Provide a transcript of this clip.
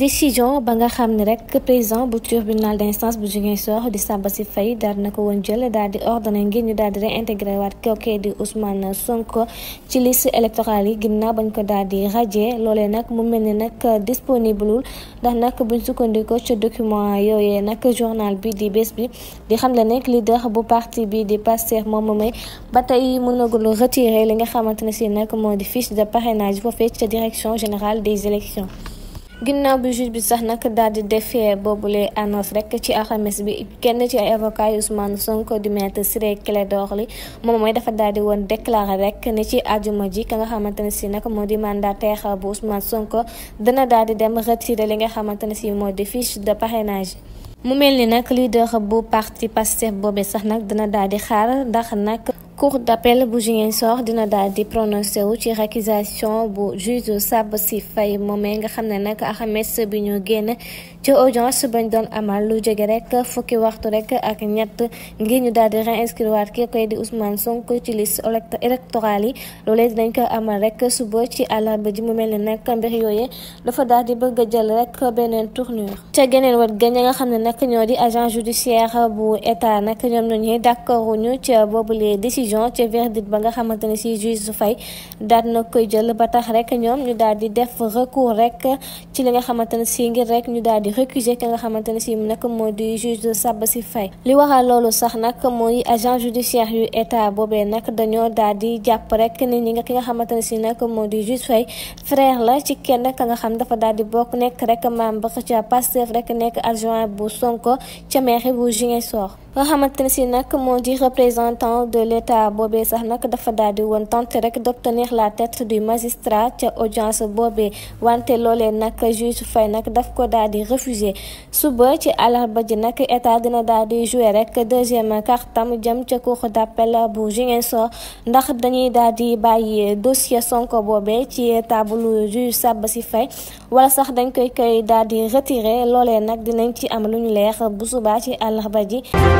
décision ba nga xam ne rek président bu tribunal d'instance bu Ziguinchor di Sabassy Faye daal na ko woon jël daal di ordonné ngir ñu daal di réintégré waat kookee di Ousmane Sonko ci liste électoral yi ginnaaw bañ ko daal di rajee loolee nag mu mel ni nag disponible ndax nag buñ sukkandiku ci document yooyee nag journal bi di bés bi di xam la nekk leader bu parti bi di Pastef moom may ba tey mënagul retiré li nga xamante ne si nag moo di fiche de parrainage foofee direction générale des élections ginnaaw bi juge bi sax nag daal di defee boobule annonce rek ci alxames bi kenn ci ay avocat Ousmane Sonko di si Ciré Clédor li moom mooy dafa daal di woon déclaré rek ne ci àjjuma ji ka nga xamante ne si nag moo di mandataire bu Ousmane Sonko dana daal di dem retiré li nga xamante ne si moo di fiche de parrainage. mu mel ni nag leader bu parti Pastef boobee sax nag dana daal di xaar ndax nag. cour d'appel bu Ziguinchor dina daal di prononcé wu ci réquisition bu juge Sabassy Faye moomee nga xam ne nag alxames bi ñu génn ci audience bañ doon amal lu jege rek fukki waxtu rek ak ñett ngir ñu daal di réinscrire kii koy di Ousmane Sonko ci liste électorale yi loolee dinañ ko amal rek suba ci àllarba ji mu mel ni nag mbir yooyu dafa daal di a jël rek beneen tournure. ca geneen wet ga nga xam ne nag ñoo di agent judiciaire bu état nag ñoom ñoo ce ci verdict ba nga xamante ne si juge su fay daal na koy jël ba tax rek ñoom ñu daal di def recours rek ci li nga xamante ne si ngir rek ñu daal di récuser ki nga xamante ne si nag moo di juge Sabassy Faye li waral loolu sax nag mooy agent judiciaire yu état boobee nag dañoo daal di jàpp rek ni ñi nga ki nga xamante ne si nag moo di juge Faye frère la ci kenn ka nga xam dafa daal di bokk nekk rek membre ca Pastef rek nekk adjoint bu Sonko ca mairie bu Ziguinchor ba xamante ne si nag moo di représentant de l' boobe sax nag dafa daal di woon tenté rek d'obtenir la tête du magistrat ca audience boobee wante loole nag juge Faye nag daf ko daal di refusé suba ci àllarba ji nag état dina daal di joué rek deuxième cartam jëm ca cour d' appel bu Ziguinchor ndax dañuy daal di bàyyi dossier Sonko boobee ci taabulu juge Sabassy Faye wala sax dañ koy koy daal di retiré loolee nag dinañ ci am lu ñu leer bu suba ci àllarba ji.